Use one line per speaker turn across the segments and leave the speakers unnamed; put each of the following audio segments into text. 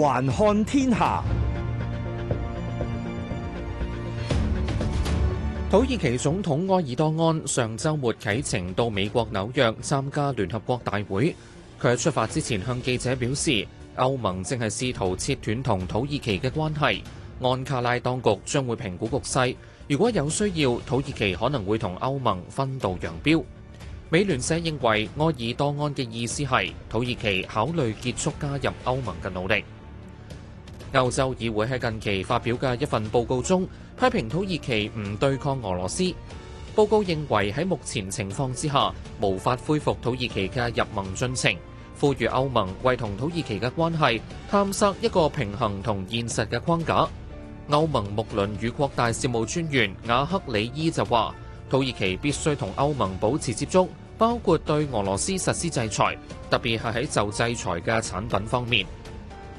環看天下，土耳其總統埃爾多安上周末啟程到美國紐約參加聯合國大會。佢喺出發之前向記者表示，歐盟正係試圖切斷同土耳其嘅關係。安卡拉當局將會評估局勢，如果有需要，土耳其可能會同歐盟分道揚鑣。美聯社認為，埃爾多安嘅意思係土耳其考慮結束加入歐盟嘅努力。歐洲議會喺近期發表嘅一份報告中，批評土耳其唔對抗俄羅斯。報告認為喺目前情況之下，無法恢復土耳其嘅入盟進程，呼籲歐盟為同土耳其嘅關係探索一個平衡同現實嘅框架。歐盟睦鄰與擴大事務專員瓦克里伊就話：土耳其必須同歐盟保持接觸，包括對俄羅斯實施制裁，特別係喺就制裁嘅產品方面。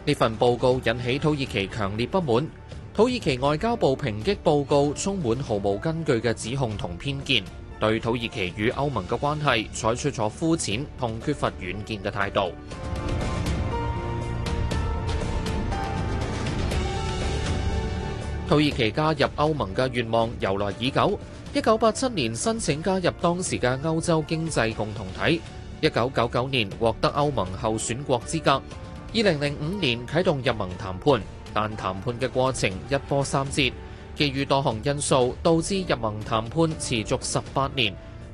呢份報告引起土耳其強烈不滿。土耳其外交部抨擊報告充滿毫無根據嘅指控同偏見，對土耳其與歐盟嘅關係採取咗膚淺同缺乏遠見嘅態度。土耳其加入歐盟嘅願望由來已久。一九八七年申請加入當時嘅歐洲經濟共同體，一九九九年獲得歐盟候選國資格。二零零五年啟動入盟談判，但談判嘅過程一波三折，基於多項因素導致入盟談判持續十八年。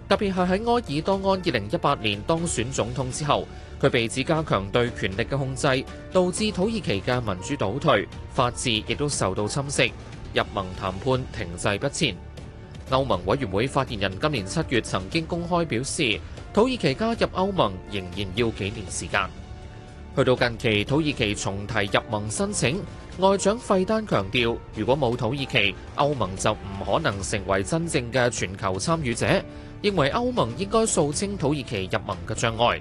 特別係喺埃爾多安二零一八年當選總統之後，佢被指加強對權力嘅控制，導致土耳其嘅民主倒退，法治亦都受到侵蝕，入盟談判停滯不前。歐盟委員會發言人今年七月曾經公開表示，土耳其加入歐盟仍然要幾年時間。去到近期土耳其重提入盟申請，外長費丹強調，如果冇土耳其，歐盟就唔可能成為真正嘅全球參與者，認為歐盟應該掃清土耳其入盟嘅障礙。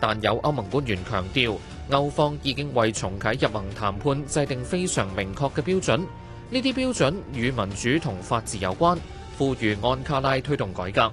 但有歐盟官員強調，歐方已經為重啟入盟談判制定非常明確嘅標準，呢啲標準與民主同法治有關，呼籲安卡拉推動改革。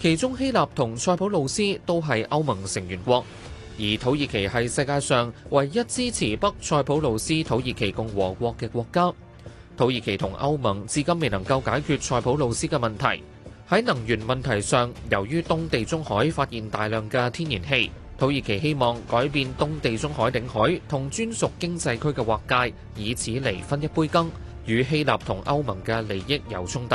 其中希臘同塞浦路斯都係歐盟成員國，而土耳其係世界上唯一支持北塞浦路斯土耳其共和國嘅國家。土耳其同歐盟至今未能夠解決塞浦路斯嘅問題。喺能源問題上，由於東地中海發現大量嘅天然氣，土耳其希望改變東地中海領海同專屬經濟區嘅劃界，以此嚟分一杯羹，與希臘同歐盟嘅利益有衝突。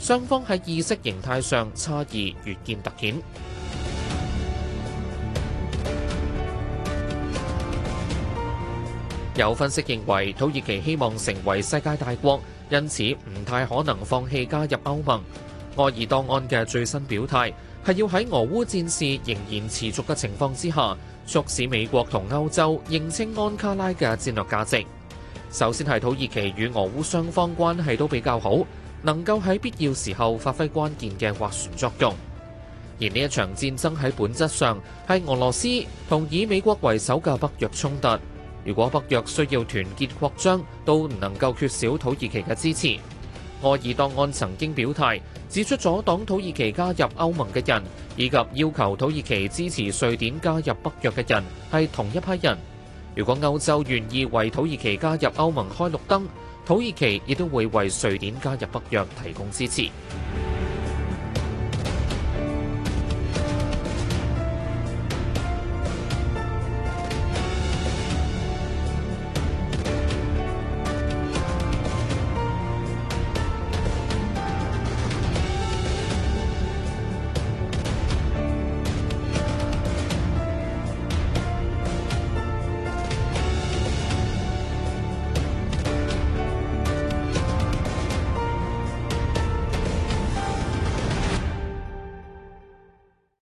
雙方喺意識形態上差異越見突顯。有分析認為，土耳其希望成為世界大國，因此唔太可能放棄加入歐盟。埃爾多安嘅最新表態係要喺俄烏戰事仍然持續嘅情況之下，促使美國同歐洲認清安卡拉嘅戰略價值。首先係土耳其與俄烏雙方關係都比較好。能夠喺必要時候發揮關鍵嘅劃船作用，而呢一場戰爭喺本質上係俄羅斯同以美國為首嘅北約衝突。如果北約需要團結擴張，都唔能夠缺少土耳其嘅支持。埃爾多安曾經表態指出，阻擋土耳其加入歐盟嘅人，以及要求土耳其支持瑞典加入北約嘅人，係同一批人。如果歐洲願意為土耳其加入歐盟開綠燈，土耳其亦都會為瑞典加入北約提供支持。